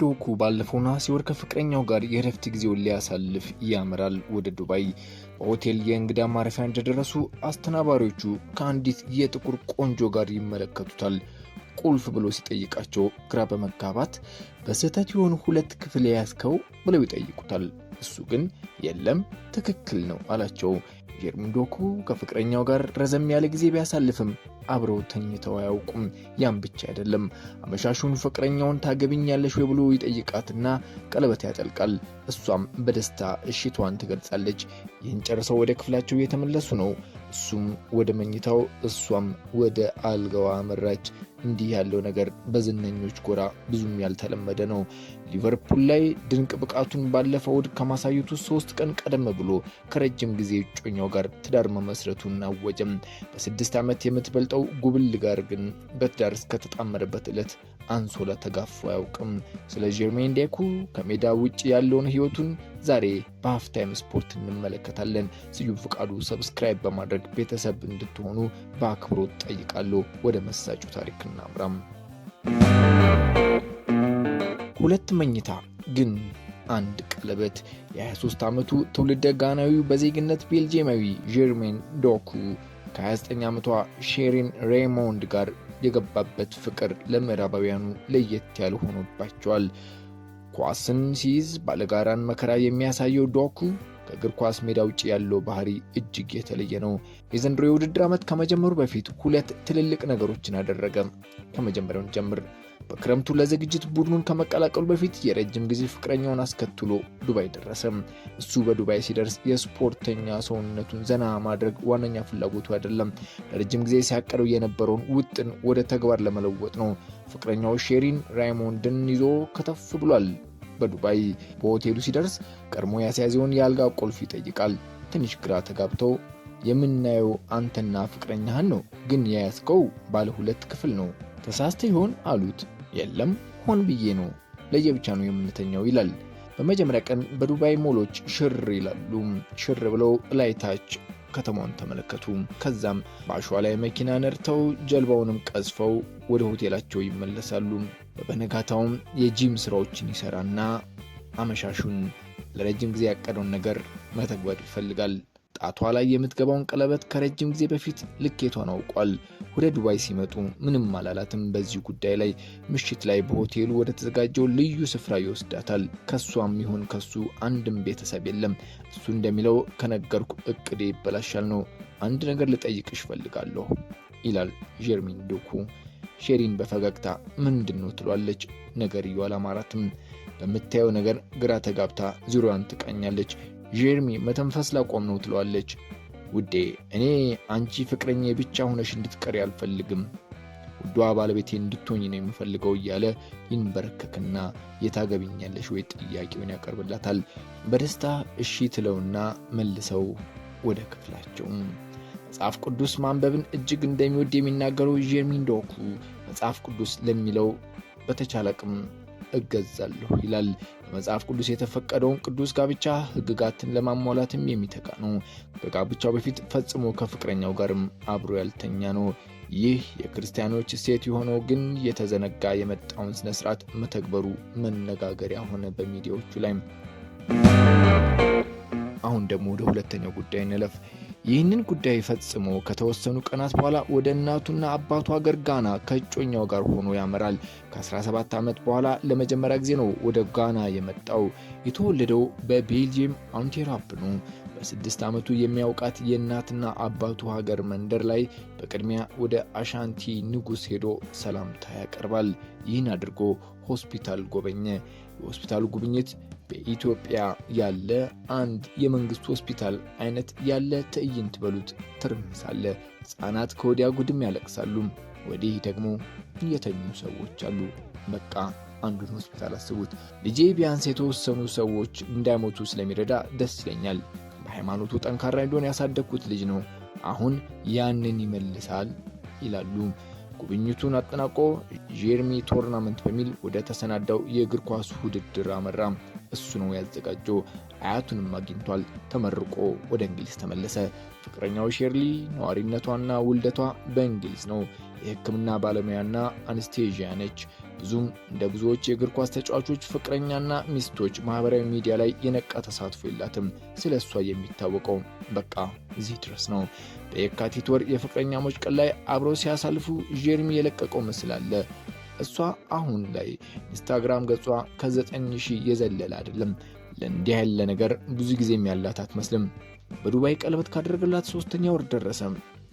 ዶኩ ባለፈው ነሐሴ ወር ከፍቅረኛው ጋር የእረፍት ጊዜውን ሊያሳልፍ ያመራል ወደ ዱባይ። በሆቴል የእንግዳ ማረፊያ እንደደረሱ አስተናባሪዎቹ ከአንዲት የጥቁር ቆንጆ ጋር ይመለከቱታል። ቁልፍ ብሎ ሲጠይቃቸው ግራ በመጋባት በስህተት የሆኑ ሁለት ክፍል የያዝከው ብለው ይጠይቁታል። እሱ ግን የለም ትክክል ነው አላቸው። ጀርሚን ዶኩ ከፍቅረኛው ጋር ረዘም ያለ ጊዜ ቢያሳልፍም አብረው ተኝተው አያውቁም። ያም ብቻ አይደለም። አመሻሹን ፍቅረኛውን ታገብኛለሽ ወይ ብሎ ይጠይቃትና ቀለበት ያጠልቃል። እሷም በደስታ እሽቷን ትገልጻለች። ይህን ጨርሰው ወደ ክፍላቸው እየተመለሱ ነው። እሱም ወደ መኝታው፣ እሷም ወደ አልጋዋ አመራች። እንዲህ ያለው ነገር በዝነኞች ጎራ ብዙም ያልተለመደ ነው። ሊቨርፑል ላይ ድንቅ ብቃቱን ባለፈው እሁድ ከማሳየቱ ሶስት ቀን ቀደም ብሎ ከረጅም ጊዜ እጮኛው ጋር ትዳር መመስረቱን አወጀም። በስድስት ዓመት የምትበልጠው ከሚያውቀው ጉብል ጋር ግን በትዳር እስከተጣመረበት ዕለት አንሶላ ተጋፎ አያውቅም። ስለ ጀርሜን ዲያኩ ከሜዳ ውጭ ያለውን ህይወቱን ዛሬ በሀፍታይም ስፖርት እንመለከታለን። ስዩም ፍቃዱ ሰብስክራይብ በማድረግ ቤተሰብ እንድትሆኑ በአክብሮት ጠይቃለሁ። ወደ መሳጩ ታሪክ እናምራም። ሁለት መኝታ ግን አንድ ቀለበት። የ23 ዓመቱ ትውልደ ጋናዊው በዜግነት ቤልጅየማዊ ጀርሜን ዶኩ ከ29 ዓመቷ ሼሪን ሬይሞንድ ጋር የገባበት ፍቅር ለምዕራባውያኑ ለየት ያለ ሆኖባቸዋል። ኳስን ሲይዝ ባለጋራን መከራ የሚያሳየው ዶኩ ከእግር ኳስ ሜዳ ውጭ ያለው ባህሪ እጅግ የተለየ ነው። የዘንድሮ የውድድር ዓመት ከመጀመሩ በፊት ሁለት ትልልቅ ነገሮችን አደረገ። ከመጀመሪያውን ጀምር በክረምቱ ለዝግጅት ቡድኑን ከመቀላቀሉ በፊት የረጅም ጊዜ ፍቅረኛውን አስከትሎ ዱባይ ደረሰም። እሱ በዱባይ ሲደርስ የስፖርተኛ ሰውነቱን ዘና ማድረግ ዋነኛ ፍላጎቱ አይደለም። ለረጅም ጊዜ ሲያቀደው የነበረውን ውጥን ወደ ተግባር ለመለወጥ ነው። ፍቅረኛው ሼሪን ራይሞንድን ይዞ ከተፍ ብሏል። በዱባይ በሆቴሉ ሲደርስ ቀድሞ ያስያዘውን የአልጋ ቁልፍ ይጠይቃል። ትንሽ ግራ ተጋብተው የምናየው አንተና ፍቅረኛህን ነው፣ ግን የያዝከው ባለ ሁለት ክፍል ነው፣ ተሳስተ ይሆን አሉት። የለም ሆን ብዬ ነው ለየብቻ ነው የምንተኛው ይላል። በመጀመሪያ ቀን በዱባይ ሞሎች ሽር ይላሉ። ሽር ብለው ላይታች ከተማውን ተመለከቱ። ከዛም በአሸዋ ላይ መኪና ነድተው ጀልባውንም ቀዝፈው ወደ ሆቴላቸው ይመለሳሉ። በነጋታውም የጂም ስራዎችን ይሰራና አመሻሹን ለረጅም ጊዜ ያቀደውን ነገር መተግበር ይፈልጋል። ጣቷ ላይ የምትገባውን ቀለበት ከረጅም ጊዜ በፊት ልኬቷን አውቋል። ወደ ዱባይ ሲመጡ ምንም አላላትም። በዚህ ጉዳይ ላይ ምሽት ላይ በሆቴሉ ወደ ተዘጋጀው ልዩ ስፍራ ይወስዳታል። ከሷም ይሁን ከሱ አንድም ቤተሰብ የለም። እሱ እንደሚለው ከነገርኩ እቅዴ ይበላሻል ነው። አንድ ነገር ልጠይቅሽ ፈልጋለሁ ይላል ጀርሚን ዶኩ። ሼሪን በፈገግታ ምንድን ነው ትሏለች። እዩ አላማራትም። በምታየው ነገር ግራ ተጋብታ ዙሪያዋን ትቃኛለች። ጀርሚ መተንፈስ ላቆም ነው ትለዋለች። ውዴ፣ እኔ አንቺ ፍቅረኛ ብቻ ሆነሽ እንድትቀሪ አልፈልግም፣ ውዷ ባለቤቴ እንድትሆኝ ነው የምፈልገው እያለ ይንበረከክና የታገቢኛለሽ ወይ ጥያቄውን ያቀርብላታል። በደስታ እሺ ትለውና መልሰው ወደ ክፍላቸው መጽሐፍ ቅዱስ ማንበብን እጅግ እንደሚወድ የሚናገረው ዤርሚ ዶኩ መጽሐፍ ቅዱስ ለሚለው በተቻለ አቅም እገዛለሁ ይላል። በመጽሐፍ ቅዱስ የተፈቀደውን ቅዱስ ጋብቻ ሕግጋትን ለማሟላትም የሚተጋ ነው። ከጋብቻው በፊት ፈጽሞ ከፍቅረኛው ጋርም አብሮ ያልተኛ ነው። ይህ የክርስቲያኖች እሴት የሆነው ግን የተዘነጋ የመጣውን ስነስርዓት መተግበሩ መነጋገሪያ ሆነ በሚዲያዎቹ ላይ። አሁን ደግሞ ወደ ሁለተኛው ጉዳይ እንለፍ። ይህንን ጉዳይ ፈጽሞ ከተወሰኑ ቀናት በኋላ ወደ እናቱና አባቱ ሀገር ጋና ከእጮኛው ጋር ሆኖ ያመራል። ከ17 ዓመት በኋላ ለመጀመሪያ ጊዜ ነው ወደ ጋና የመጣው። የተወለደው በቤልጅየም አንቴራፕ ነው። በስድስት ዓመቱ የሚያውቃት የእናትና አባቱ ሀገር መንደር ላይ በቅድሚያ ወደ አሻንቲ ንጉሥ ሄዶ ሰላምታ ያቀርባል። ይህን አድርጎ ሆስፒታል ጎበኘ። የሆስፒታሉ ጉብኝት በኢትዮጵያ ያለ አንድ የመንግስት ሆስፒታል አይነት ያለ ትዕይንት በሉት ትርምስ አለ። ሕፃናት ከወዲያ ጉድም ያለቅሳሉ፣ ወዲህ ደግሞ የተኙ ሰዎች አሉ። በቃ አንዱን ሆስፒታል አስቡት። ልጄ ቢያንስ የተወሰኑ ሰዎች እንዳይሞቱ ስለሚረዳ ደስ ይለኛል። በሃይማኖቱ ጠንካራ እንዲሆን ያሳደግኩት ልጅ ነው። አሁን ያንን ይመልሳል ይላሉ። ጉብኝቱን አጠናቆ ጀርሚ ቶርናመንት በሚል ወደ ተሰናዳው የእግር ኳስ ውድድር አመራ። እሱ ነው ያዘጋጀው። አያቱንም አግኝቷል። ተመርቆ ወደ እንግሊዝ ተመለሰ። ፍቅረኛው ሼርሊ ነዋሪነቷና ውልደቷ በእንግሊዝ ነው። የሕክምና ባለሙያና አንስቴዥያ ነች። ብዙም እንደ ብዙዎች የእግር ኳስ ተጫዋቾች ፍቅረኛና ሚስቶች ማህበራዊ ሚዲያ ላይ የነቃ ተሳትፎ የላትም። ስለ እሷ የሚታወቀው በቃ እዚህ ድረስ ነው። በየካቲት ወር የፍቅረኛሞች ቀን ላይ አብረው ሲያሳልፉ ጀርሚ የለቀቀው ምስል አለ። እሷ አሁን ላይ ኢንስታግራም ገጿ ከዘጠኝ ሺህ የዘለለ አይደለም። ለእንዲህ ያለ ነገር ብዙ ጊዜም ያላት አትመስልም። በዱባይ ቀለበት ካደረገላት ሶስተኛ ወር ደረሰ።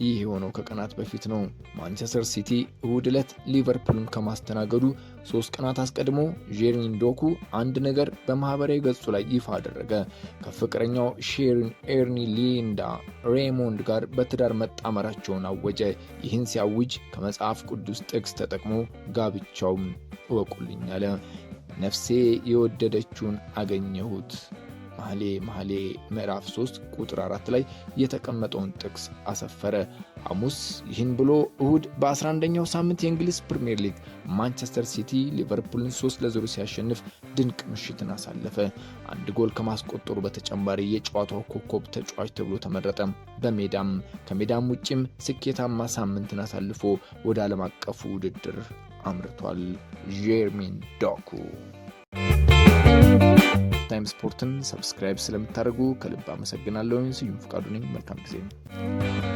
ይህ የሆነው ከቀናት በፊት ነው። ማንቸስተር ሲቲ እሁድ ዕለት ሊቨርፑልን ከማስተናገዱ ሶስት ቀናት አስቀድሞ ዤሪን ዶኩ አንድ ነገር በማህበራዊ ገጹ ላይ ይፋ አደረገ። ከፍቅረኛው ሼሪን ኤርኒ ሊንዳ ሬሞንድ ጋር በትዳር መጣመራቸውን አወጀ። ይህን ሲያውጅ ከመጽሐፍ ቅዱስ ጥቅስ ተጠቅሞ ጋብቻውም እወቁልኝ አለ። ነፍሴ የወደደችውን አገኘሁት ማሌ ማሌ ምዕራፍ 3 ቁጥር 4 ላይ የተቀመጠውን ጥቅስ አሰፈረ። ሐሙስ ይህን ብሎ እሁድ በ11ኛው ሳምንት የእንግሊዝ ፕሪምየር ሊግ ማንቸስተር ሲቲ ሊቨርፑልን 3 ለ0 ሲያሸንፍ ድንቅ ምሽትን አሳለፈ። አንድ ጎል ከማስቆጠሩ በተጨማሪ የጨዋታው ኮከብ ተጫዋች ተብሎ ተመረጠ። በሜዳም ከሜዳም ውጭም ስኬታማ ሳምንትን አሳልፎ ወደ ዓለም አቀፉ ውድድር አምርቷል። ጀርሚን ዶኩ ታይም ስፖርትን ሰብስክራይብ ስለምታደርጉ ከልብ አመሰግናለሁ። ስዩም ፍቃዱ ነኝ። መልካም ጊዜ ነው።